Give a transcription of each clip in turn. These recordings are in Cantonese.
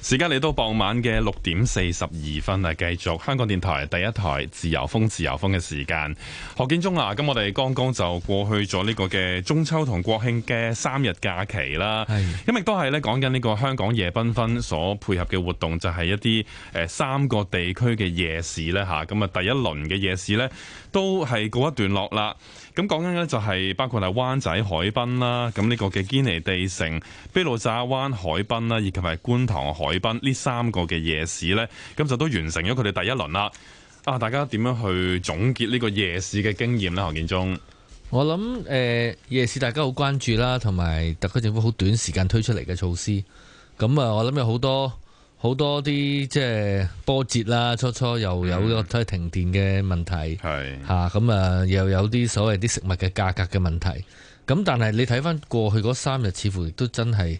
時間嚟到傍晚嘅六點四十二分啊！繼續香港電台第一台自由風自由風嘅時間。何建宗啊，咁我哋剛剛就過去咗呢個嘅中秋同國慶嘅三日假期啦。係，咁亦都係咧講緊呢的這個香港夜繽紛所配合嘅活動，就係、是、一啲誒、呃、三個地區嘅夜市咧吓。咁啊，第一輪嘅夜市咧都係告一段落啦。咁講緊咧就係包括係灣仔海濱啦，咁呢個嘅堅尼地城、卑路乍灣海濱啦，以及係觀塘海。海濱呢三個嘅夜市呢，咁就都完成咗佢哋第一輪啦。啊，大家點樣去總結呢個夜市嘅經驗呢？何文堯，我諗誒，夜市大家好關注啦，同埋特區政府好短時間推出嚟嘅措施。咁啊，我諗有好多好多啲即係波折啦，初初又有個停電嘅問題，係吓咁啊，又有啲所謂啲食物嘅價格嘅問題。咁但係你睇翻過去嗰三日，似乎亦都真係。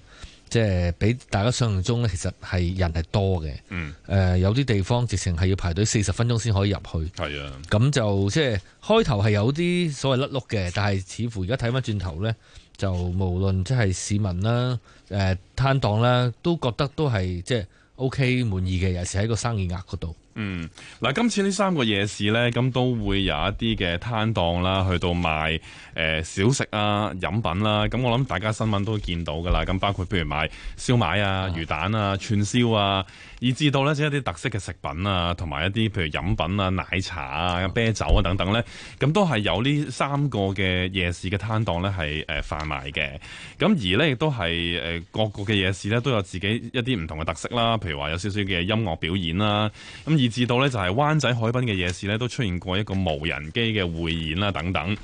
即係比大家想像中咧，其實係人係多嘅。嗯，誒、呃、有啲地方直情係要排隊四十分鐘先可以入去。係、嗯、啊，咁就即係開頭係有啲所謂甩碌嘅，但係似乎而家睇翻轉頭呢，就無論即係市民啦、誒、呃、攤檔啦，都覺得都係即係 OK 滿意嘅，尤其是喺個生意額嗰度。嗯，嗱，今次呢三個夜市呢，咁都會有一啲嘅攤檔啦，去到賣誒、呃、小食啊、飲品啦、啊，咁我諗大家新聞都見到㗎喇，咁包括譬如賣燒賣啊、魚蛋啊、串燒啊。以至到呢，即係一啲特色嘅食品啊，同埋一啲譬如飲品啊、奶茶啊、啤酒啊等等呢，咁都係有呢三個嘅夜市嘅攤檔呢係誒販賣嘅。咁而呢，亦都係各個嘅夜市呢都有自己一啲唔同嘅特色啦。譬如話有少少嘅音樂表演啦，咁以至到呢，就係灣仔海濱嘅夜市呢，都出現過一個無人機嘅匯演啦等等。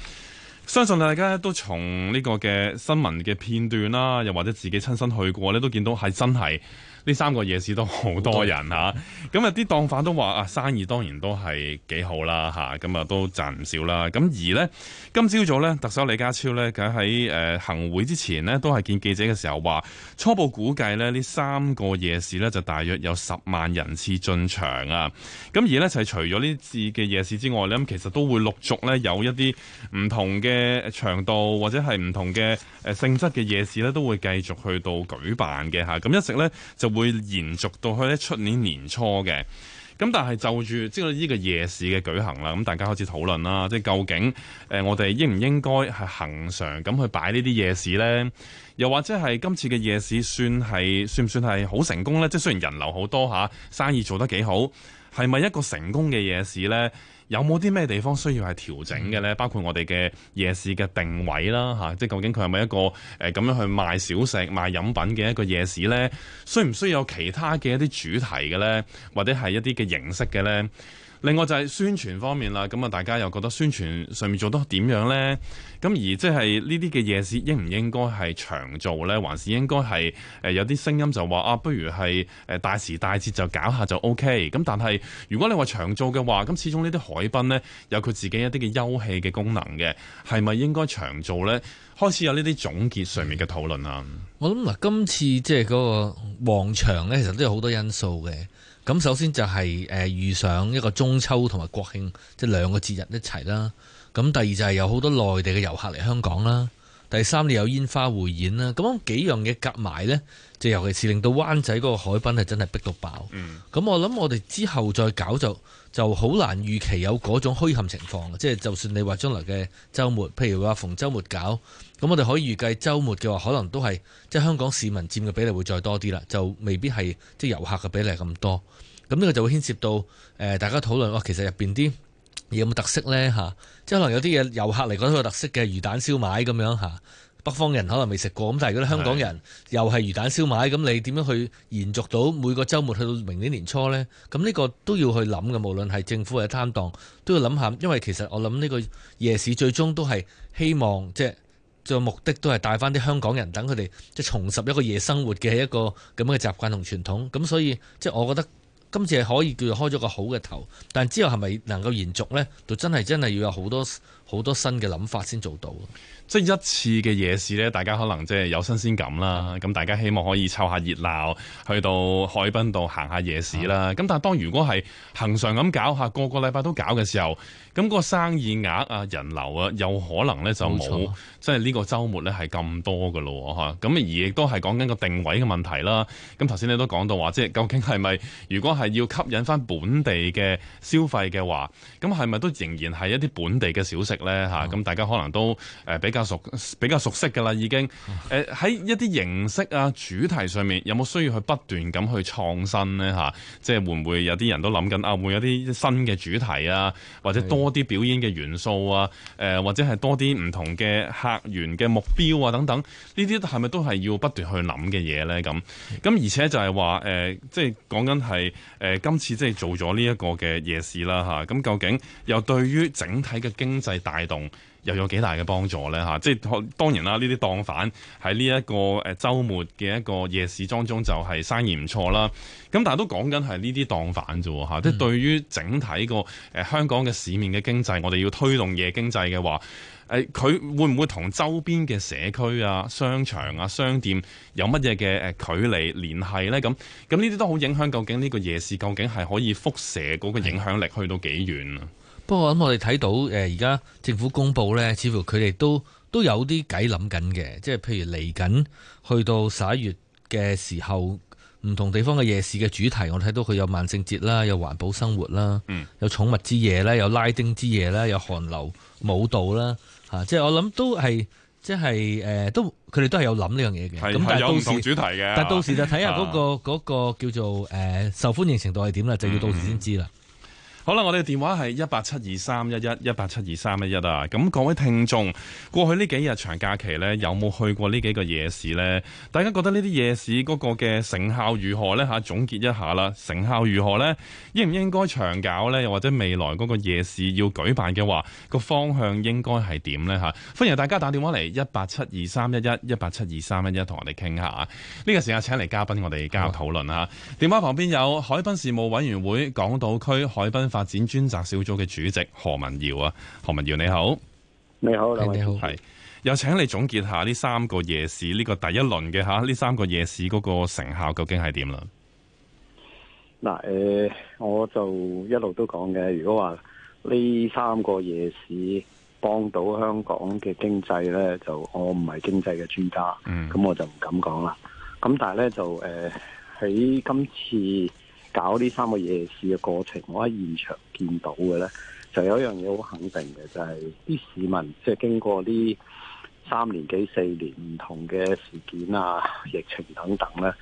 相信大家都從呢個嘅新聞嘅片段啦，又或者自己親身去過呢，都見到係真係。呢三個夜市都好多人，咁啊，啲檔販都話啊，生意當然都係幾好啦，咁啊，就都賺唔少啦。咁、啊、而呢，今朝早呢，特首李家超呢，佢喺、呃、行會之前呢，都係見記者嘅時候話，初步估計呢，呢三個夜市呢，就大約有十萬人次進場啊。咁、啊、而呢，就係、除咗呢次嘅夜市之外呢，咁其實都會陸續呢，有一啲唔同嘅長度或者係唔同嘅、呃、性質嘅夜市呢，都會繼續去到舉辦嘅咁、啊、一直呢。就。會延續到去咧出年年初嘅，咁但係就住即係呢個夜市嘅舉行啦，咁大家開始討論啦，即係究竟誒我哋應唔應該係恒常咁去擺呢啲夜市呢？又或者係今次嘅夜市算係算唔算係好成功呢？即係雖然人流好多吓，生意做得幾好，係咪一個成功嘅夜市呢？有冇啲咩地方需要係調整嘅呢？包括我哋嘅夜市嘅定位啦，吓，即係究竟佢係咪一個誒咁樣去賣小食、賣飲品嘅一個夜市呢？需唔需要有其他嘅一啲主題嘅呢？或者係一啲嘅形式嘅呢？另外就係宣傳方面啦，咁啊大家又覺得宣傳上面做得點樣呢？咁而即係呢啲嘅夜市應唔應該係長做呢？還是應該係誒有啲聲音就話啊，不如係誒大時大節就搞下就 OK。咁但係如果你話長做嘅話，咁始終呢啲海濱呢，有佢自己一啲嘅休憩嘅功能嘅，係咪應該長做呢？開始有呢啲總結上面嘅討論啊！我諗嗱，今次即係嗰個旺場呢，其實都有好多因素嘅。咁首先就係誒遇上一個中秋同埋國慶，即、就係、兩個節日一齊啦。咁第二就係有好多內地嘅遊客嚟香港啦。第三你有煙花匯演啦。咁幾樣嘢夾埋呢，就尤其是令到灣仔嗰個海濱係真係逼到爆。咁、嗯、我諗我哋之後再搞就就好難預期有嗰種墟冚情況，即係就算你話將來嘅週末，譬如話逢週末搞，咁我哋可以預計週末嘅話，可能都係即係香港市民佔嘅比例會再多啲啦，就未必係即係遊客嘅比例咁多，咁呢個就會牽涉到、呃、大家討論，哇、哦，其實入面啲嘢有冇特色呢？啊、即係可能有啲嘢遊客嚟講都有特色嘅魚蛋燒賣咁樣、啊北方人可能未食過，咁但係如果香港人又係魚蛋燒賣，咁你點樣去延續到每個週末去到明年年初呢？咁呢個都要去諗嘅，無論係政府嘅擔當都要諗下，因為其實我諗呢個夜市最終都係希望即係做目的都係帶翻啲香港人等佢哋即係重拾一個夜生活嘅一個咁樣嘅習慣同傳統。咁所以即係、就是、我覺得今次係可以叫做開咗個好嘅頭，但之後係咪能夠延續呢？就真係真係要有好多好多新嘅諗法先做到，即係一次嘅夜市咧，大家可能即係有新鮮感啦。咁、嗯、大家希望可以湊下熱鬧去到海濱度行下夜市啦。咁、嗯、但係當如果係恒常咁搞下，個個禮拜都搞嘅時候，咁、嗰個生意額啊、人流啊，有可能咧，就冇，即係呢個周末咧係咁多嘅咯吓，咁而亦都係講緊個定位嘅問題啦。咁頭先你都講到話即係究竟係咪如果係要吸引翻本地嘅消費嘅話，咁係咪都仍然係一啲本地嘅小咧嚇，咁大家可能都誒比較熟、比較熟悉噶啦，已經誒喺一啲形式啊、主題上面有冇需要去不斷咁去創新咧吓，即係會唔會有啲人都諗緊啊？會有啲新嘅主題啊？或者多啲表演嘅元素啊？誒或者係多啲唔同嘅客源嘅目標啊等等？呢啲係咪都係要不斷去諗嘅嘢咧？咁咁而且就係話誒即係講緊係誒今次即係做咗呢一個嘅夜市啦、啊、吓，咁究竟又對於整體嘅經濟。帶動又有幾大嘅幫助呢？嚇，即係當然啦。呢啲檔販喺呢一個誒週末嘅一個夜市當中就係生意唔錯啦。咁、嗯、但係都講緊係呢啲檔販啫喎，即係對於整體個誒、呃、香港嘅市面嘅經濟，我哋要推動夜經濟嘅話，誒、呃、佢會唔會同周邊嘅社區啊、商場啊、商店有乜嘢嘅誒距離聯繫呢？咁咁呢啲都好影響，究竟呢個夜市究竟係可以輻射嗰個影響力去到幾遠啊？嗯不過我諗我哋睇到誒，而家政府公布咧，似乎佢哋都都有啲計諗緊嘅，即係譬如嚟緊去到十一月嘅時候，唔同地方嘅夜市嘅主題，我睇到佢有萬聖節啦，有環保生活啦，有寵物之夜啦，有拉丁之夜啦，有韓流舞蹈啦，吓，即係我諗都係，即係誒，呃、都佢哋都係有諗呢樣嘢嘅。係係有不同主題嘅。但到時就睇下嗰個個叫做誒、呃、受歡迎程度係點啦，就要到時先知啦。好啦，我哋電話係一八七二三一一一八七二三一一啊！咁各位聽眾，過去呢幾日長假期呢，有冇去過呢幾個夜市呢？大家覺得呢啲夜市嗰個嘅成效如何呢？吓，總結一下啦，成效如何呢？應唔應該長搞呢？又或者未來嗰個夜市要舉辦嘅話，個方向應該係點呢？吓，歡迎大家打電話嚟一八七二三一一一八七二三一一，同我哋傾下。呢個時間請嚟嘉賓，我哋交流討論啦。電話旁邊有海濱事務委員會港島區海濱發展專責小組嘅主席何文堯啊，何文堯你好，你好，你好，係，又請你總結下呢三個夜市呢，這個第一輪嘅吓，呢三個夜市嗰個成效究竟係點啦？嗱，誒，我就一路都講嘅，如果話呢三個夜市幫到香港嘅經濟呢，就我唔係經濟嘅專家，咁、嗯、我就唔敢講啦。咁但係呢，就誒喺、呃、今次。搞呢三個夜市嘅過程，我喺現場見到嘅呢，就有一樣嘢好肯定嘅，就係啲市民即係經過呢三年幾四年唔同嘅事件啊、疫情等等呢，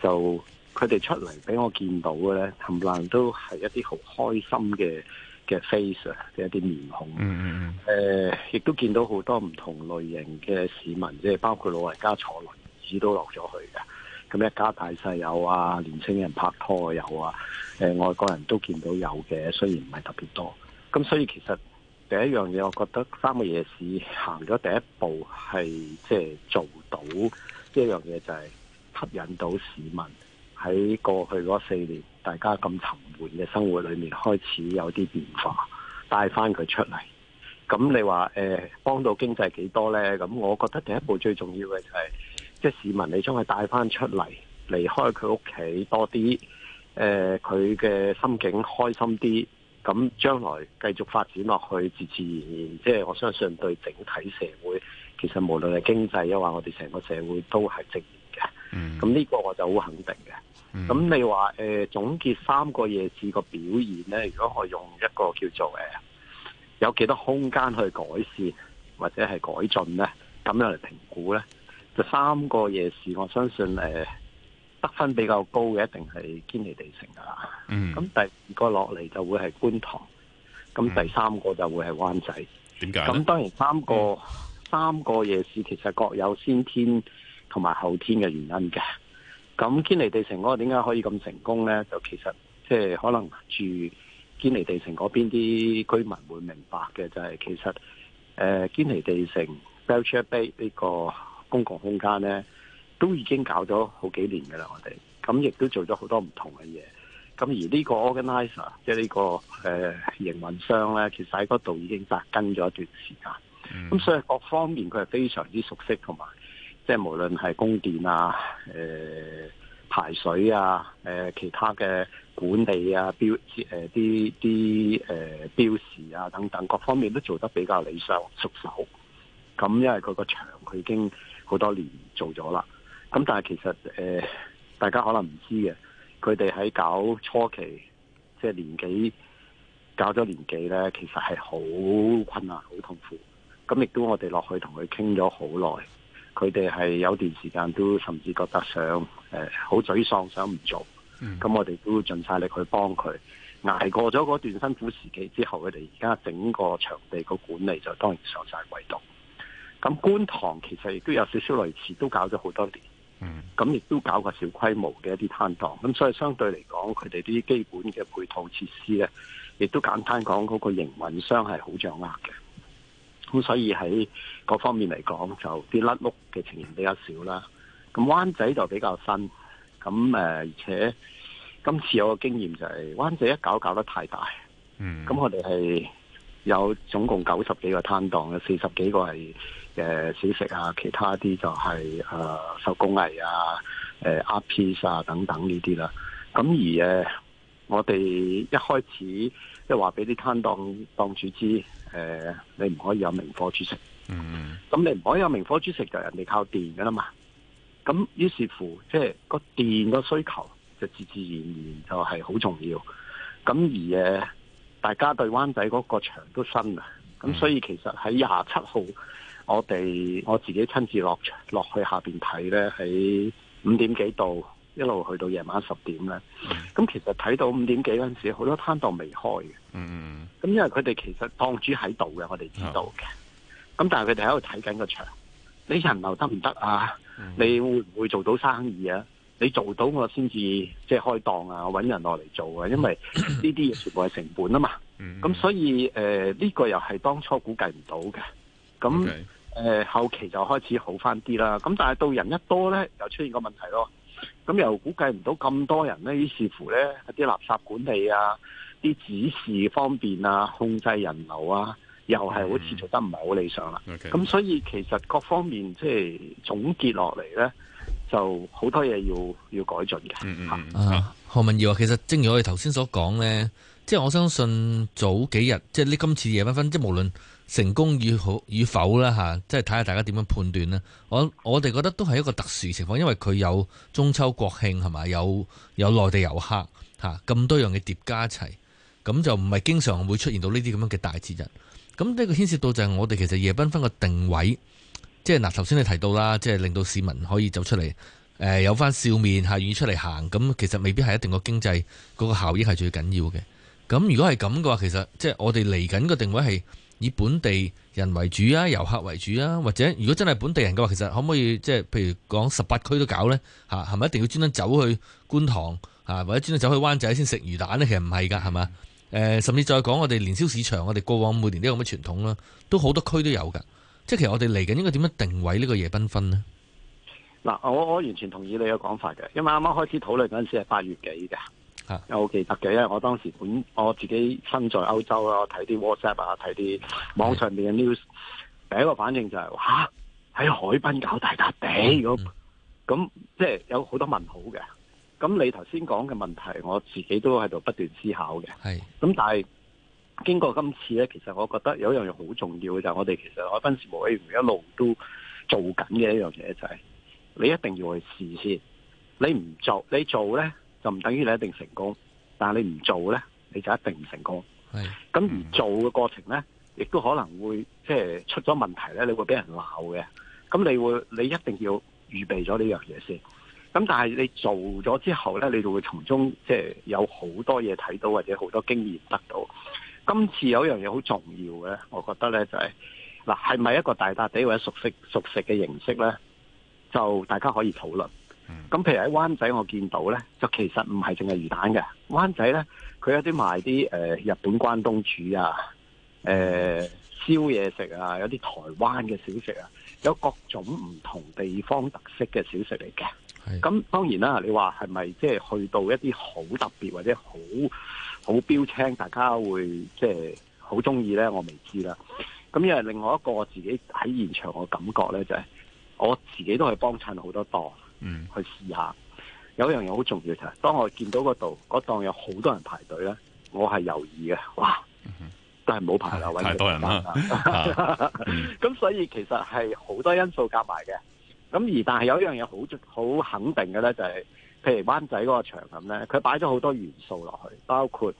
就佢哋出嚟俾我見到嘅呢，冚唪唥都係一啲好開心嘅嘅 face 嘅一啲面孔。嗯、mm-hmm. 呃、亦都見到好多唔同類型嘅市民，即係包括老人家坐輪椅都落咗去嘅。咁一家大細有啊，年青人拍拖有啊、呃，外國人都見到有嘅，雖然唔係特別多。咁所以其實第一樣嘢，我覺得三個夜市行咗第一步係，係即係做到一樣嘢，就係吸引到市民喺過去嗰四年大家咁沉悶嘅生活裏面，開始有啲變化，帶翻佢出嚟。咁你話誒、呃、幫到經濟幾多呢？咁我覺得第一步最重要嘅就係、係。即市民你將佢帶翻出嚟，離開佢屋企多啲，誒、呃，佢嘅心境開心啲，咁將來繼續發展落去，自自然然，即係我相信對整體社會，其實無論係經濟啊，或我哋成個社會都係正嘅。嗯，咁呢個我就好肯定嘅。嗯，咁你話誒，總結三個夜市個表現咧，如果我用一個叫做誒、呃，有幾多空間去改善或者係改進咧，咁樣嚟評估咧？三個夜市，我相信誒得分比較高嘅一定係堅尼地城噶啦。嗯，咁第二個落嚟就會係觀塘，咁、嗯、第三個就會係灣仔。點解？咁當然三個、嗯、三個夜市其實各有先天同埋後天嘅原因嘅。咁堅尼地城嗰個點解可以咁成功咧？就其實即係、就是、可能住堅尼地城嗰邊啲居民會明白嘅，就係、是、其實誒、呃、堅尼地城 Belcher Bay 呢個公共空間呢，都已經搞咗好幾年嘅啦，我哋咁亦都做咗好多唔同嘅嘢。咁而呢個 organizer 即係呢個誒、呃、營運商呢，其實喺嗰度已經扎根咗一段時間，咁所以各方面佢係非常之熟悉，同埋即係無論係供電啊、呃、排水啊、呃、其他嘅管理啊、標誒啲啲誒標示啊等等各方面都做得比較理想熟手。咁因為佢個場佢已經好多年做咗啦，咁但係其實誒、呃，大家可能唔知嘅，佢哋喺搞初期，即係年幾搞咗年幾咧，其實係好困難、好痛苦。咁亦都我哋落去同佢傾咗好耐，佢哋係有段時間都甚至覺得想誒，好沮喪，想唔做。咁我哋都盡晒力去幫佢，捱過咗嗰段辛苦時期之後，佢哋而家整個場地個管理就當然上晒軌道。咁觀塘其實亦都有少少類似，都搞咗好多年，咁亦都搞過小規模嘅一啲攤檔，咁所以相對嚟講，佢哋啲基本嘅配套設施咧，亦都簡單講嗰個營運商係好掌握嘅，咁所以喺各方面嚟講就啲甩碌嘅情形比較少啦。咁灣仔就比較新，咁誒而且今次有個經驗就係灣仔一搞搞得太大，咁我哋係有總共九十幾個攤檔，有四十幾個係嘅小食啊，其他啲就係誒手工藝啊、誒 art piece 啊等等呢啲啦。咁而、呃、我哋一開始即係話俾啲攤檔檔主知，誒、呃、你唔可以有明火煮食。嗯。咁你唔可以有明火煮食，就人哋靠電噶啦嘛。咁於是乎，即係個電個需求就自自然然就係好重要。咁而大家對灣仔嗰個場都新啊。咁所以其實喺廿七號。我哋我自己親自落落去下面睇咧，喺五點幾度，一路去到夜晚十點咧。咁、mm. 其實睇到五點幾嗰陣時，好多攤檔未開嘅。嗯，咁因為佢哋其實檔主喺度嘅，我哋知道嘅。咁、oh. 但係佢哋喺度睇緊個場，你人流得唔得啊？Mm -hmm. 你會唔會做到生意啊？你做到我先至即係開檔啊！揾人落嚟做啊！因為呢啲嘢全部係成本啊嘛。咁、mm -hmm. 所以誒，呢、呃呢個又係當初估計唔到嘅。咁、嗯 okay. 誒、呃，後期就開始好翻啲啦，咁但係到人一多呢，又出現個問題咯。咁又估計唔到咁多人呢，於是乎呢啲垃圾管理啊，啲指示方面啊，控制人流啊，又係好似做得唔係好理想啦。咁、嗯嗯、所以其實各方面即係總結落嚟呢，就好多嘢要要改進嘅、嗯啊。何文堯，其實正如我哋頭先所講呢，即係我相信早幾日，即係呢今次夜繽紛，即係無論。成功與好否啦？嚇，即係睇下大家點樣判斷呢，我我哋覺得都係一個特殊情況，因為佢有中秋國慶係咪有有內地遊客咁多樣嘅疊加一齊，咁就唔係經常會出現到呢啲咁樣嘅大節日。咁呢個牽涉到就係我哋其實夜奔分個定位，即係嗱頭先你提到啦，即係令到市民可以走出嚟，有翻笑面嚇，願意出嚟行。咁其實未必係一定個經濟嗰個效益係最緊要嘅。咁如果係咁嘅話，其實即係我哋嚟緊個定位係。以本地人為主啊，遊客為主啊，或者如果真係本地人嘅話，其實可唔可以即係譬如講十八區都搞呢？吓，係咪一定要專登走去觀塘吓，或者專登走去灣仔先食魚蛋呢？其實唔係噶，係嘛？誒、呃，甚至再講我哋年宵市場，我哋過往每年都有咁嘅傳統啦，都好多區都有噶。即係其實我哋嚟緊應該點樣定位呢個夜繽紛呢？嗱，我我完全同意你嘅講法嘅，因為啱啱開始討論嗰陣時係八月幾㗎。有、啊、記得嘅，因為我當時本我自己身在歐洲啦，睇啲 WhatsApp 啊，睇啲網上面嘅 news，第一個反應就係、是、哇，喺、啊、海濱搞大笪地咁，咁、啊嗯、即係有好多問號嘅。咁你頭先講嘅問題，我自己都喺度不斷思考嘅。係，咁但係經過今次咧，其實我覺得有一樣嘢好重要嘅就係、是、我哋其實海濱事務委員會一路都做緊嘅一樣嘢就係、是，你一定要去試先，你唔做，你做咧。就唔等於你一定成功，但係你唔做呢，你就一定唔成功。咁而做嘅過程呢，亦都可能會即係出咗問題呢，你會俾人鬧嘅。咁你會你一定要預備咗呢樣嘢先。咁但係你做咗之後呢，你就會從中即係有好多嘢睇到，或者好多經驗得到。今次有樣嘢好重要嘅，我覺得呢就係、是、嗱，係咪一個大笪地或者熟食熟食嘅形式呢？就大家可以討論。咁譬如喺灣仔，我見到呢，就其實唔係淨係魚蛋嘅。灣仔呢，佢有啲賣啲、呃、日本關東煮啊，誒燒嘢食啊，有啲台灣嘅小食啊，有各種唔同地方特色嘅小食嚟嘅。咁當然啦，你話係咪即係去到一啲好特別或者好好標青，大家會即係好中意呢？我未知啦。咁因為另外一個我自己喺現場嘅感覺呢，就係、是、我自己都係幫襯好多檔。嗯，去試下。有一樣嘢好重要就係，當我見到嗰度嗰檔有好多人排隊咧，我係猶豫嘅。哇，都係冇排啊，太多人啦。咁、 嗯、所以其實係好多因素夾埋嘅。咁而但係有一樣嘢好好肯定嘅咧、就是，就係譬如灣仔嗰個場咁咧，佢擺咗好多元素落去，包括誒、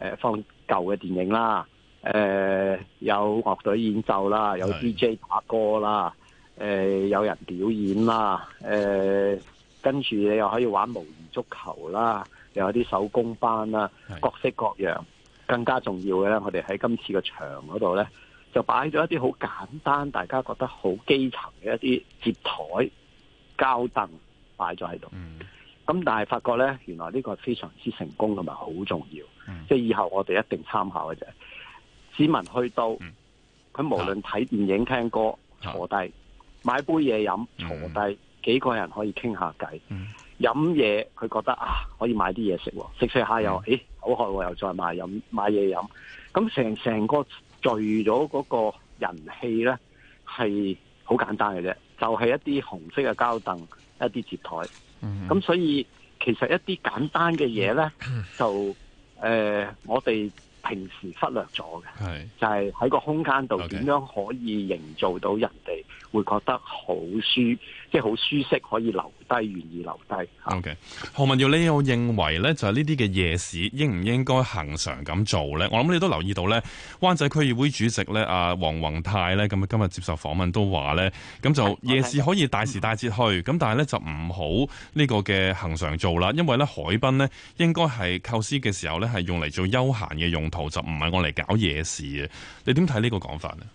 呃、放舊嘅電影啦，誒、呃、有樂隊演奏啦，有 DJ 打歌啦。誒、呃，有人表演啦、啊，誒、呃，跟住你又可以玩模擬足球啦、啊，又有啲手工班啦、啊，各式各樣。更加重要嘅咧，我哋喺今次嘅場嗰度咧，就擺咗一啲好簡單，大家覺得好基層嘅一啲摺枱、膠凳擺咗喺度。咁、嗯、但係發覺咧，原來呢個非常之成功同埋好重要，嗯、即係以後我哋一定參考嘅啫。市民去到，佢、嗯、無論睇電影、聽歌、坐低。嗯買杯嘢飲，坐低、嗯、幾個人可以傾下偈。飲嘢佢覺得啊，可以買啲嘢食，食食下又，咦好渴又再買飲買嘢飲。咁成成個聚咗嗰個人氣呢，係好簡單嘅啫，就係、是、一啲紅色嘅膠凳，一啲摺枱。咁、嗯、所以其實一啲簡單嘅嘢呢，嗯、就誒、呃、 我哋平時忽略咗嘅，就係、是、喺個空間度點樣可以營造到人哋。會覺得好舒，即係好舒適，可以留低，願意留低。O、okay. K. 何文堯，你又認為咧，就係呢啲嘅夜市應唔應該恒常咁做咧？我諗你都留意到咧，灣仔區議會主席咧，阿黃宏泰咧，咁啊今日接受訪問都話咧，咁就夜市可以大時大節去，咁、okay. 但係咧就唔好呢個嘅恒常做啦，因為咧海濱咧應該係構思嘅時候咧係用嚟做休閒嘅用途，就唔係我嚟搞夜市嘅。你點睇呢個講法咧？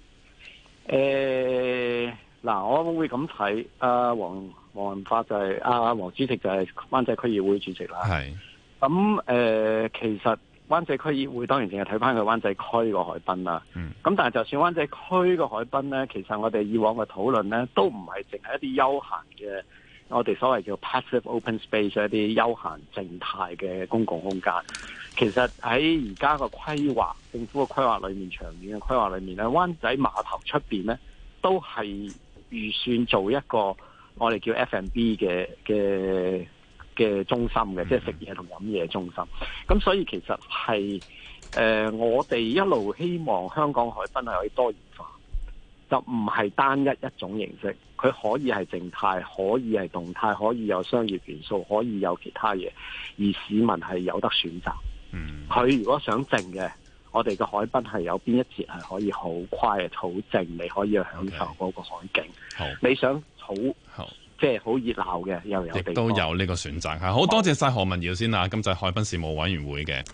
誒、欸。嗱，我會咁睇，阿黃黃文發就係阿阿黃主席就係灣仔區議會主席啦。咁誒、嗯呃，其實灣仔區議會當然淨係睇翻佢灣仔區個海濱啦。嗯。咁但係，就算灣仔區個海濱咧，其實我哋以往嘅討論咧，都唔係淨係一啲休閒嘅，我哋所謂叫 passive open space 一啲休閒靜態嘅公共空間。其實喺而家個規劃，政府嘅規劃裏面，長遠嘅規劃裏面咧，灣仔碼頭出邊咧，都係，預算做一個我哋叫 F&B 嘅嘅嘅中心嘅，即係食嘢同飲嘢中心。咁、就是、所以其實係、呃、我哋一路希望香港海濱係可以多元化，就唔係單一一種形式。佢可以係靜態，可以係動態，可以有商業元素，可以有其他嘢，而市民係有得選擇。嗯，佢如果想靜嘅。我哋嘅海濱係有邊一節係可以好快、好靜，你可以去享受嗰個海景、okay。你想很好，即係好熱鬧嘅，又有，有也都有呢個選擇。好，好多謝晒何文堯先啊！今集海濱事務委員會嘅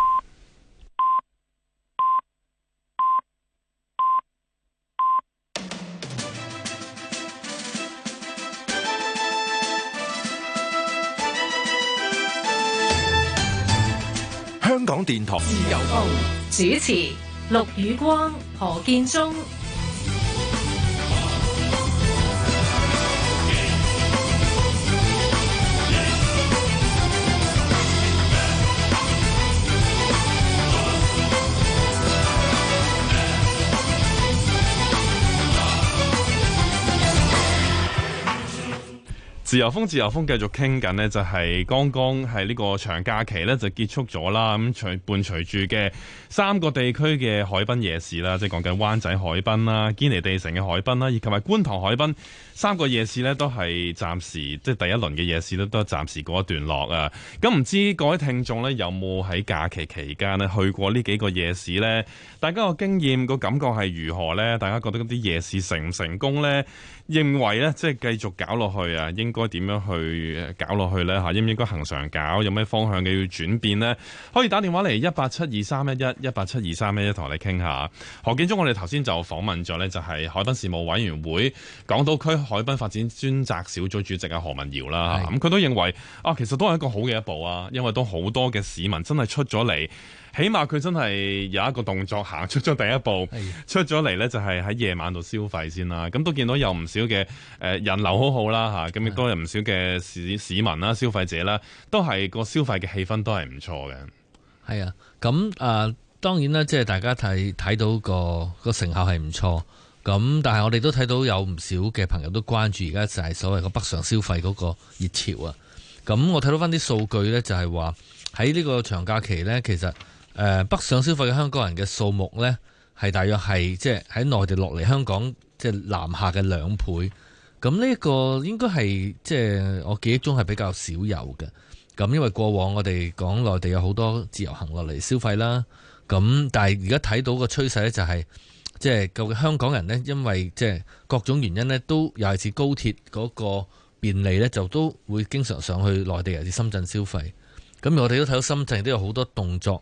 香港電台自由風主持：陸宇光、何建宗。自由風，自由風，繼續傾緊呢就係、是、剛剛係呢個長假期呢，就結束咗啦。咁隨伴隨住嘅三個地區嘅海濱夜市啦，即係講緊灣仔海濱啦、堅尼地城嘅海濱啦，以及埋觀塘海濱三個夜市呢，都係暫時即係第一輪嘅夜市都都暫時告一段落啊。咁唔知各位聽眾呢，有冇喺假期期間呢去過呢幾個夜市呢？大家個經驗、個感覺係如何呢？大家覺得啲夜市成唔成功呢？認為呢，即係繼續搞落去啊，應點樣去搞落去呢？吓應唔應該恆常搞？有咩方向嘅要轉變呢？可以打電話嚟一八七二三一一一八七二三一一同我哋傾下。何建中，我哋頭先就訪問咗呢，就係海濱事務委員會、港島區海濱發展專責小組主席啊何文堯啦。咁佢都認為啊，其實都係一個好嘅一步啊，因為都好多嘅市民真係出咗嚟。起碼佢真係有一個動作，行出咗第一步，出咗嚟呢就係喺夜晚度消費先啦。咁都見到有唔少嘅誒人流好好啦嚇，咁亦都有唔少嘅市市民啦、消費者啦，都係個消費嘅氣氛都係唔錯嘅。係啊，咁誒、呃、當然啦，即係大家睇睇到、個個成效係唔錯，咁但係我哋都睇到有唔少嘅朋友都關注而家就係所謂個北上消費嗰個熱潮啊。咁我睇到翻啲數據呢，就係話喺呢個長假期呢，其實。誒、呃、北上消費嘅香港人嘅數目呢，係大約係即係喺內地落嚟香港即係、就是、南下嘅兩倍。咁呢一個應該係即係我記憶中係比較少有嘅。咁因為過往我哋講內地有好多自由行落嚟消費啦。咁但係而家睇到個趨勢呢、就是，就係即係究竟香港人呢，因為即係各種原因呢，都尤其是高鐵嗰個便利呢，就都會經常上去內地，尤其是深圳消費。咁我哋都睇到深圳都有好多動作。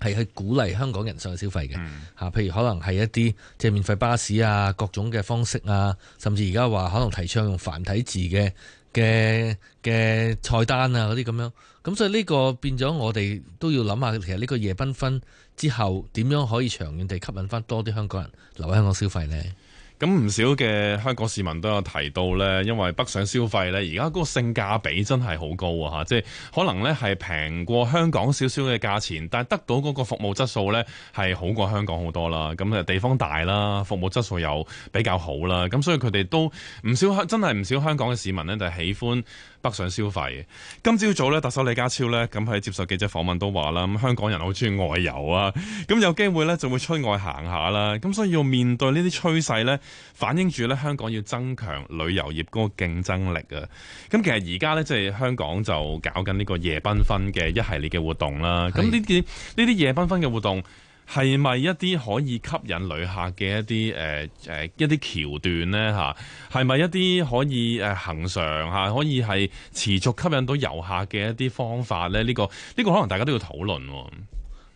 係去鼓勵香港人上去消費嘅嚇，譬如可能係一啲即係免費巴士啊，各種嘅方式啊，甚至而家話可能提倡用繁體字嘅嘅嘅菜單啊嗰啲咁樣，咁所以呢個變咗我哋都要諗下，其實呢個夜繽紛之後點樣可以長遠地吸引翻多啲香港人留喺香港消費呢？咁唔少嘅香港市民都有提到呢，因為北上消費呢，而家嗰個性價比真係好高啊！吓，即係可能呢係平過香港少少嘅價錢，但係得到嗰個服務質素呢係好過香港好多啦。咁啊，地方大啦，服務質素又比較好啦。咁所以佢哋都唔少香，真係唔少香港嘅市民呢就係喜歡。北上消費。今朝早咧，特首李家超咧，咁喺接受記者訪問都話啦，咁香港人好中意外遊啊，咁有機會咧就會出外行下啦。咁所以要面對呢啲趨勢咧，反映住咧，香港要增強旅遊業嗰個競爭力啊。咁其實而家咧，即係香港就搞緊呢個夜繽紛嘅一系列嘅活動啦。咁呢啲，呢啲夜繽紛嘅活動係咪一啲可以吸引旅客嘅一啲誒誒一啲橋段呢？嚇？係咪一啲可以誒恆、呃、常嚇、啊、可以係持續吸引到遊客嘅一啲方法咧？呢、呢個呢、呢個可能大家都要討論、哦。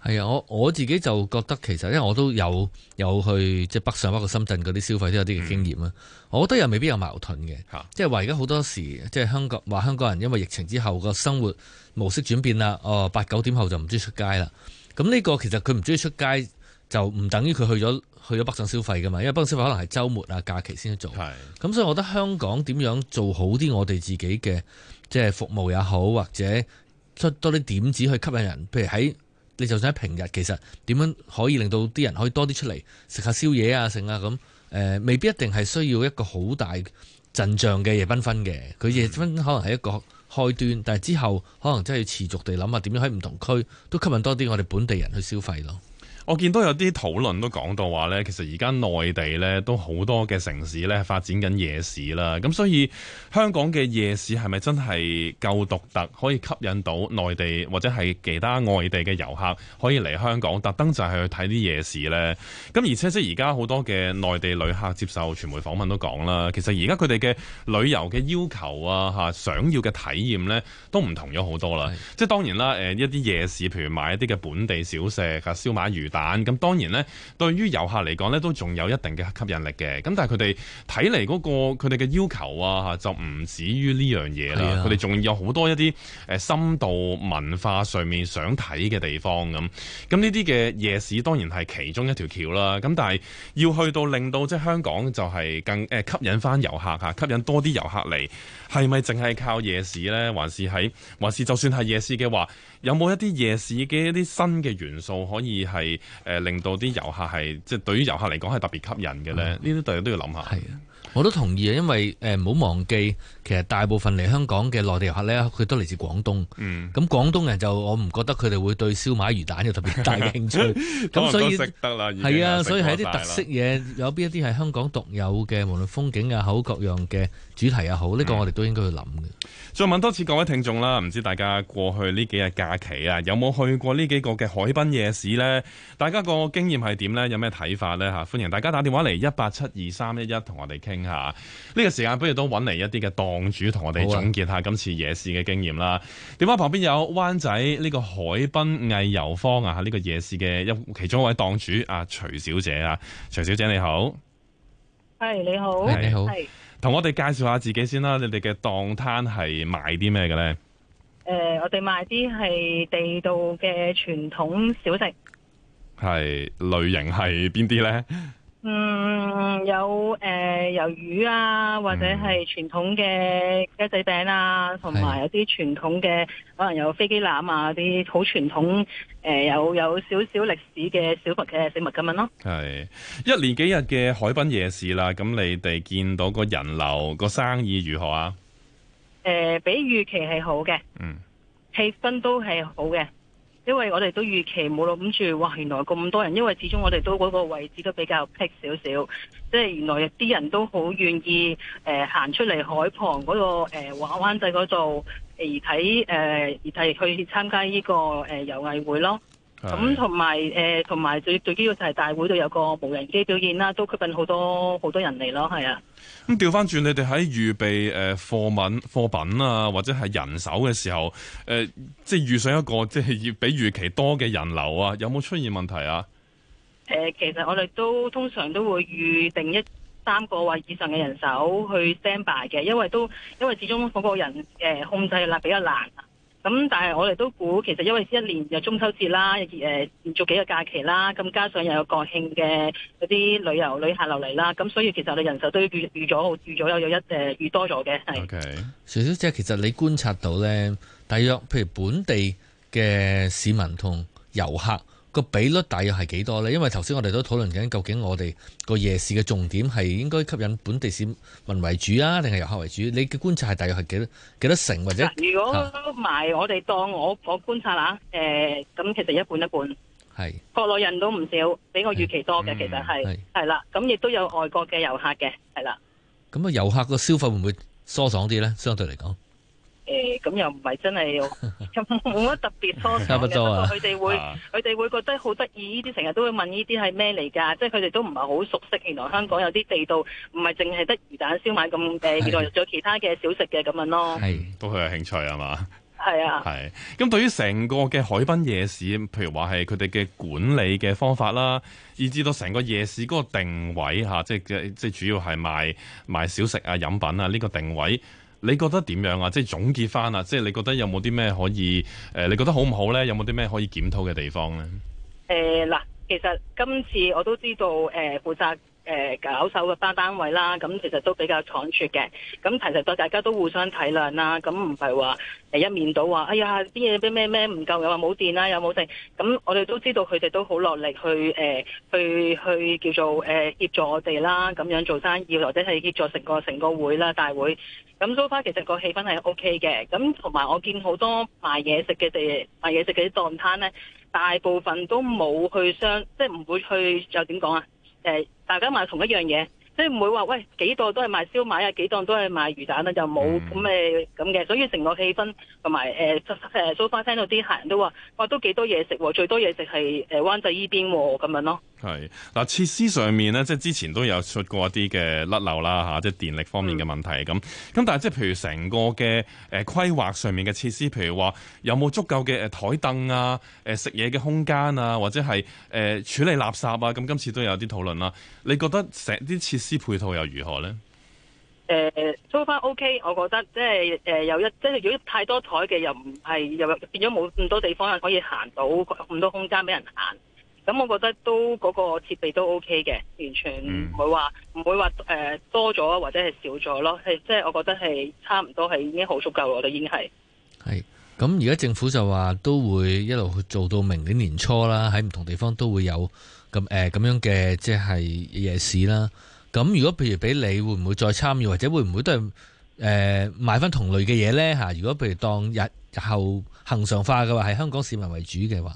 係啊，我我自己就覺得其實因為我都有有去即北上包括深圳嗰啲消費都有啲嘅經驗啊、嗯。我覺得又未必有矛盾嘅，即係話而家好多時即係、就是、香港話香港人因為疫情之後個生活模式轉變啦。哦，八九點後就唔知出街啦。咁呢個其實佢唔中意出街，就唔等於佢去咗去咗北上消費噶嘛？因為北上消費可能係週末啊假期先去做。係。咁所以我覺得香港點樣做好啲我哋自己嘅，即係服務也好，或者出多啲點，點子去吸引人。譬如喺你就算喺平日，其實點樣可以令到啲人可以多啲出嚟食下宵夜啊剩啊咁。誒，未必一定係需要一個好大陣仗嘅夜繽紛嘅。佢夜繽可能係一個開端，但係之後可能真係要持續地諗下點樣喺唔同區都吸引多啲我哋本地人去消費咯。我見到有啲討論都講到話呢，其實而家內地呢都好多嘅城市呢發展緊夜市啦，咁所以香港嘅夜市係咪真係夠獨特，可以吸引到內地或者係其他外地嘅遊客可以嚟香港特登就係去睇啲夜市呢？咁而且即而家好多嘅內地旅客接受傳媒訪問都講啦，其實而家佢哋嘅旅遊嘅要求啊吓想要嘅體驗呢都唔同咗好多啦。即係當然啦，誒一啲夜市譬如買一啲嘅本地小食、啊、燒賣、魚蛋。咁當然呢，對於遊客嚟講呢，都仲有一定嘅吸引力嘅。咁但係佢哋睇嚟嗰個佢哋嘅要求啊，就唔止於呢樣嘢啦。佢哋仲有好多一啲深度文化上面想睇嘅地方咁。咁呢啲嘅夜市當然係其中一條橋啦。咁但係要去到令到即係香港就係更、呃、吸引翻遊客嚇，吸引多啲遊客嚟，係咪淨係靠夜市呢？還是喺還是就算係夜市嘅話，有冇一啲夜市嘅一啲新嘅元素可以係？誒、呃、令到啲遊客係即係對於遊客嚟講係特別吸引嘅咧，呢啲大家都要諗下。係啊，我都同意啊，因為唔好、呃、忘記，其實大部分嚟香港嘅內地遊客咧，佢都嚟自廣東。嗯，咁廣東人就我唔覺得佢哋會對燒賣魚蛋有特別大嘅興趣。咁、嗯、 所以係啊，所以喺一啲特色嘢有邊一啲係香港獨有嘅，無論風景啊、口角樣嘅。主題也好，呢個我哋都應該去諗嘅、嗯。再問多次各位聽眾啦，唔知大家過去呢幾日假期啊，有冇去過呢幾個嘅海濱夜市呢？大家個經驗係點呢？有咩睇法呢？吓，歡迎大家打電話嚟一八七二三一一，同我哋傾下。呢個時間不如都揾嚟一啲嘅檔主同我哋總結下今次夜市嘅經驗啦。電話、啊、旁邊有灣仔呢個海濱藝遊坊啊，呢個夜市嘅一其中一位檔主阿徐小姐啊，徐小姐，徐小姐你好。係你好，hey，你好，係，同我哋介紹下自己先啦。你哋嘅檔攤係賣啲咩嘅咧？誒、呃，我哋賣啲係地道嘅傳統小食。係，類型係邊啲咧？嗯，有誒，呃，魷魚啊，或者係傳統嘅雞仔餅啊，同埋有啲傳統嘅可能有飛機欖啊，啲好傳統誒、呃，有有少少歷史嘅小物嘅食物咁樣咯。係、啊、一年幾日嘅海濱夜市啦，咁你哋見到個人流個生意如何啊？誒、呃，比預期係好嘅，嗯，氣氛都係好嘅。因為我哋都預期冇諗住哇，原來咁多人，因為始終我哋都嗰個位置都比較僻少少，即係原來啲人都好願意誒行、呃、出嚟海旁嗰、嗰個誒灣灣仔嗰度而睇誒、呃、而係去參加呢、呢個誒遊藝會咯。咁同埋誒同埋最最緊要就係大會度有個無人機表演啦，都吸引好多好多人嚟咯，係啊。咁調翻轉，你哋喺預備誒貨、呃、品、貨品啊，或者係人手嘅時候，呃、即係遇上一個即係要比預期多嘅人流啊，有冇出現問題啊？呃、其實我哋都通常都會預定一三個或以上嘅人手去 stand by 嘅，因為都因為始終嗰個人、呃、控制啦比較難咁、嗯、但係我哋都估，其實因為一年有中秋節啦，又誒連續幾個假期啦，咁加上又有國慶嘅嗰啲旅遊旅客留嚟啦，咁、嗯、所以其實我哋人手都預預咗預咗有有一誒預多咗嘅。係，k、okay. 小，小姐其實你觀察到咧，大約譬如本地嘅市民同遊客。個比率大約係幾多呢？因為頭先我哋都討論緊，究竟我哋個夜市嘅重點係應該吸引本地市民為主啊，定係遊客為主？你嘅觀察係大約係幾多？幾多成或者？如果埋我哋當我我觀察啦，誒，咁其實一半一半。係。國內人都唔少，比我預期多嘅，其實係係啦，咁亦都有外國嘅遊客嘅，係啦。咁啊，遊客個消費會唔會疏爽啲呢？相對嚟講。咁又唔係真係，又冇乜特別 多差唔多啊！佢哋會，佢哋會覺得好得意。呢啲成日都會問呢啲係咩嚟噶？即係佢哋都唔係好熟悉。原來香港有啲地道，唔係淨係得魚蛋燒賣咁。誒，仲有咗其他嘅小食嘅咁樣咯。係都好有興趣係嘛？係啊。係。咁對於成個嘅海濱夜市，譬如話係佢哋嘅管理嘅方法啦，以至到成個夜市嗰個定位吓，即係即係主要係賣賣小食啊、飲品啊呢個定位。你覺得點樣啊？即係總結返啊！即係你覺得有冇啲咩可以？誒，你覺得好唔好咧？有冇啲咩可以檢討嘅地方咧？誒嗱，其實今次我都知道誒負責。誒、呃、搞手嘅班單位啦，咁、嗯、其實都比較倉促嘅。咁、嗯、其實大家都互相體諒啦，咁唔係話一面到話，哎呀，啲嘢咩咩唔夠又話冇電啦、啊，又冇剩。咁、嗯、我哋都知道佢哋都好落力去、呃、去去叫做誒、呃、協助我哋啦，咁樣做生意或者係協助成個成個會啦大會。咁 so far 其實個氣氛係 OK 嘅。咁同埋我見好多賣嘢食嘅地賣嘢食嘅啲檔攤咧，大部分都冇去商，即係唔會去就點講啊？誒，大家買同一樣嘢。即係唔會話，喂，幾檔都係賣燒賣啊，幾檔都係賣魚蛋啦，就冇咁誒咁嘅，所以成個氣氛同埋誒誒 so far 聽到啲客人都話，哇，都幾多嘢食喎，最多嘢食係誒灣仔依邊喎，啊，咁樣咯。係嗱，設施上面咧，即係之前都有出過一啲嘅甩漏啦嚇，即係電力方面嘅問題咁。咁、嗯、但係即係譬如成個嘅誒規劃上面嘅設施，譬如話有冇足夠嘅誒台凳啊、誒食嘢嘅空間啊，或者係誒、呃、處理垃圾啊，咁今次都有啲討論啦。你覺得成啲設施支配套又如何呢？誒，租翻 OK，我覺得即係誒有一，即係如果太多台嘅，又唔係又變咗冇咁多地方可以行到咁多空間俾人行。咁我覺得都嗰個設備都 OK 嘅，完全唔會話唔、mm. 會話誒、呃、多咗或者係少咗咯。係即係我覺得係差唔多係已經好足夠，我哋已經係係。咁而家政府就話都會一路做到明年年初啦，喺唔同地方都會有咁誒咁樣嘅即係夜市啦。咁如果譬如俾你，會唔會再參與或者會唔會都係、呃、買翻同類嘅嘢咧吓，如果譬如當日後恆常化嘅話，係香港市民為主嘅話。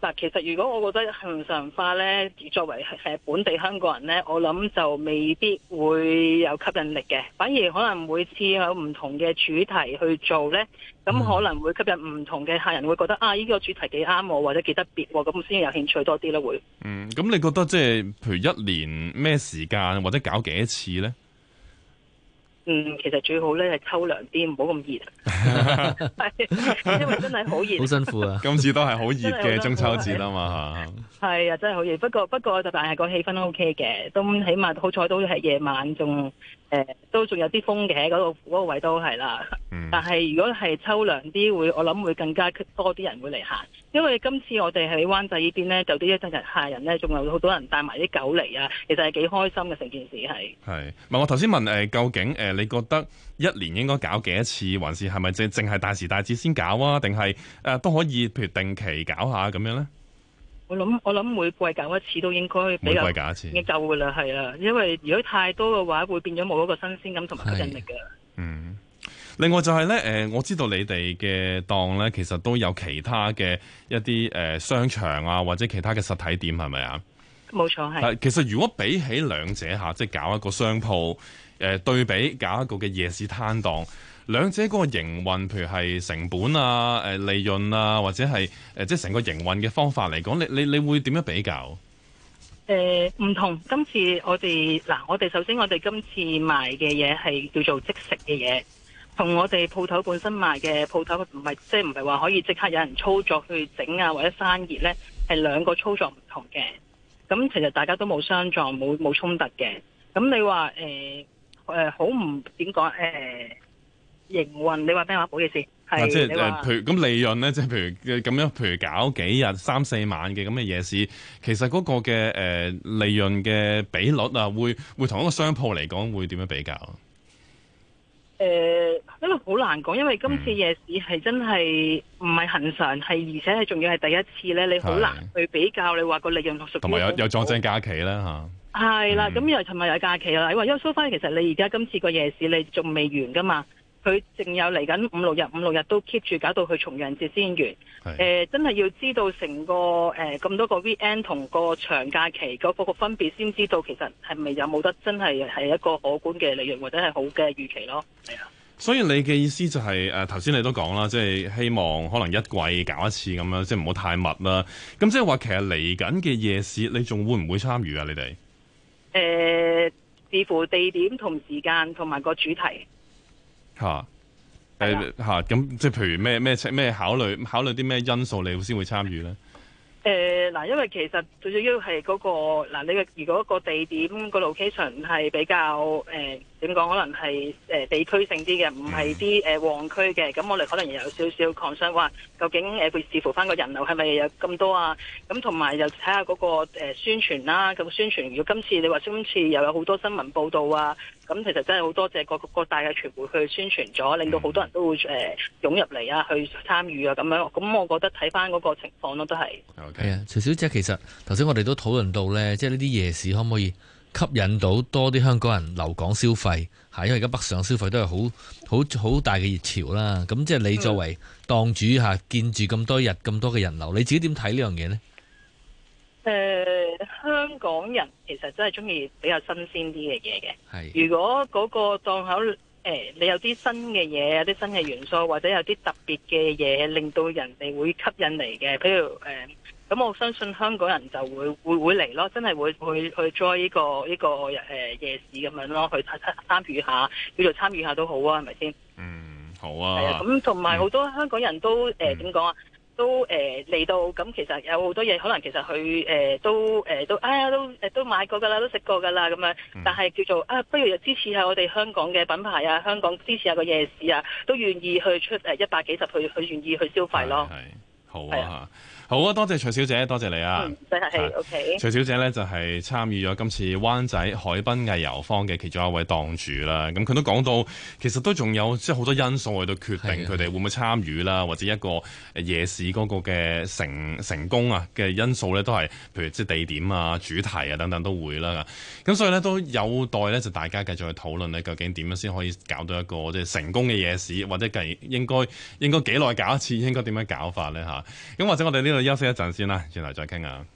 嗱，其實如果我覺得恆常化咧，作為誒本地香港人咧，我諗就未必會有吸引力嘅，反而可能每次有唔同嘅主題去做咧，咁可能會吸引唔同嘅客人會覺得、嗯、啊，呢、呢個主題幾啱我或者幾特別喎，咁先有興趣多啲咯。會。嗯，咁你覺得即係譬如一年咩時間或者搞幾多次咧？嗯，其實最好咧係秋涼啲，唔好咁熱。 因為真係好熱，好辛苦啊！ 今次都係好熱嘅中秋節啦嘛，吓係啊，真係好熱。不過不過就但係個氣氛都 OK 嘅，都起碼好彩都係夜晚仲。誒、呃，都仲有啲風嘅嗰、那個嗰、那個位都係啦。但係如果係秋涼啲，會我諗會更加多啲人會嚟行，因為今次我哋喺灣仔呢邊呢，就啲一陣陣客人呢，仲有好多人帶埋啲狗嚟啊。其實係幾開心嘅成件事係係。我頭先問誒、呃，究竟誒、呃，你覺得一年應該搞幾多次，還是係咪即係淨係大時大節先搞啊？定係誒都可以，譬如定期搞下咁樣呢？我諗我諗，每季搞一次都應該比較貴搞一次，已經夠噶啦，係啦。因為如果太多嘅話，會變咗冇一個新鮮感同埋吸引力噶。嗯，另外就係、是、咧，誒、呃，我知道你哋嘅檔咧，其實都有其他嘅一啲誒、呃、商場啊，或者其他嘅實體店係咪啊？冇錯係。其實如果比起兩者吓，即係搞一個商鋪誒、呃、對比，搞一個嘅夜市攤檔。兩者嗰個營運，譬如係成本啊、誒利潤啊，或者係誒即係成個營運嘅方法嚟講，你你你會點樣比較？誒、呃、唔同今次我哋嗱，我哋首先我哋今次賣嘅嘢係叫做即食嘅嘢，同我哋鋪頭本身賣嘅鋪頭唔係即係唔係話可以即刻有人操作去整啊，或者生熱咧，係兩個操作唔同嘅。咁其實大家都冇相撞，冇冇衝突嘅。咁你話誒誒好唔點講誒？呃呃營運，你話咩話？唔好意思，係你話。咁利潤咧，即係譬如咁樣，譬如搞幾日三四晚嘅咁嘅夜市，其實嗰個嘅誒利潤嘅比率啊，會會同一個商鋪嚟講會點樣比較啊？誒，因為好難講，因為今次夜市係真係唔係恆常，係而且係仲要係第一次咧，你好難去比較。你話個利潤同埋有有撞正假期咧吓，係啦，咁又尋日有假期啦。你話因為收翻，其實你而家今次個夜市你仲未完噶嘛？佢仲有嚟緊五六日，五六日都 keep 住，搞到去重陽節先完。誒、呃，真係要知道成個誒咁、呃、多個 V N 同個長假期嗰個個分別，先知道其實係咪有冇得真係係一個可觀嘅利潤，或者係好嘅預期咯。係啊，所以你嘅意思就係、是、誒，頭、呃、先你都講啦，即、就、係、是、希望可能一季搞一次咁樣，即係唔好太密啦。咁即係話，其實嚟緊嘅夜市，你仲會唔會參與啊？你哋誒，視、呃、乎地點同時間同埋個主題。吓、啊，誒嚇咁即係譬如咩咩咩考慮考慮啲咩因素你會先會參與咧？誒，嗱，因為其實最主要係嗰個嗱、呃，你嘅如果個地點個 location 係比較誒。呃點講可能係呃、地區性啲嘅，唔係啲旺區嘅。咁我哋可能又有少少 concern，話究竟誒、呃、會視乎翻個人流係咪有咁多啊？咁同埋又睇下嗰個宣傳啦。咁宣傳如果今次你話今次又有好多新聞報道啊，咁其實真係好多謝各各大嘅傳媒去宣傳咗，令到好多人都會誒、呃、湧入嚟啊，去參與啊咁樣，咁我覺得睇翻嗰個情況咯，都係 OK。係啊。徐小姐，其實頭先我哋都討論到咧，即係呢啲夜市可唔可以？吸引到多啲香港人留港消費，吓，因為而家北上消費都係好好好大嘅熱潮啦。咁即係你作為檔主吓，見住咁多日咁多嘅人流，你自己點睇呢樣嘢咧？誒、呃，香港人其實真係中意比較新鮮啲嘅嘢嘅。係，如果嗰個檔口。誒、欸，你有啲新嘅嘢，有啲新嘅元素，或者有啲特別嘅嘢，令到人哋會吸引嚟嘅。譬如誒，咁、欸、我相信香港人就會會會嚟咯，真係會，會去去 join 呢個呢、這個誒、呃、夜市咁樣咯，去參參與下，叫做參與下都好啊，係咪先？嗯，好啊。係、欸、啊，咁同埋好多香港人都誒，點、嗯、講、呃、啊？嗯都誒嚟、呃、到咁，其實有好多嘢，可能其實佢誒都誒都，哎、呃、呀都誒都買過㗎啦，都食過㗎啦咁樣。但係叫做啊，不如支持下我哋香港嘅品牌啊，香港支持下個夜市啊，都願意去出誒一百幾十去去願意去消費咯。係，好啊。好啊！多謝徐小姐，多謝你啊。嗯啊，O.K. 徐小姐咧就係、是、參與咗今次灣仔海濱藝遊方嘅其中一位檔主啦。咁佢都講到，其實都仲有即係好多因素去到決定佢哋會唔會參與啦，或者一個夜市嗰個嘅成成功啊嘅因素咧，都係譬如即係地點啊、主題啊等等都會啦。咁所以咧都有待咧就大家繼續去討論咧，究竟點樣先可以搞到一個即係、就是、成功嘅夜市，或者計應該應該幾耐搞一次，應該點樣搞法咧吓？咁或者我哋呢度。休息一陣先啦，轉頭再傾啊。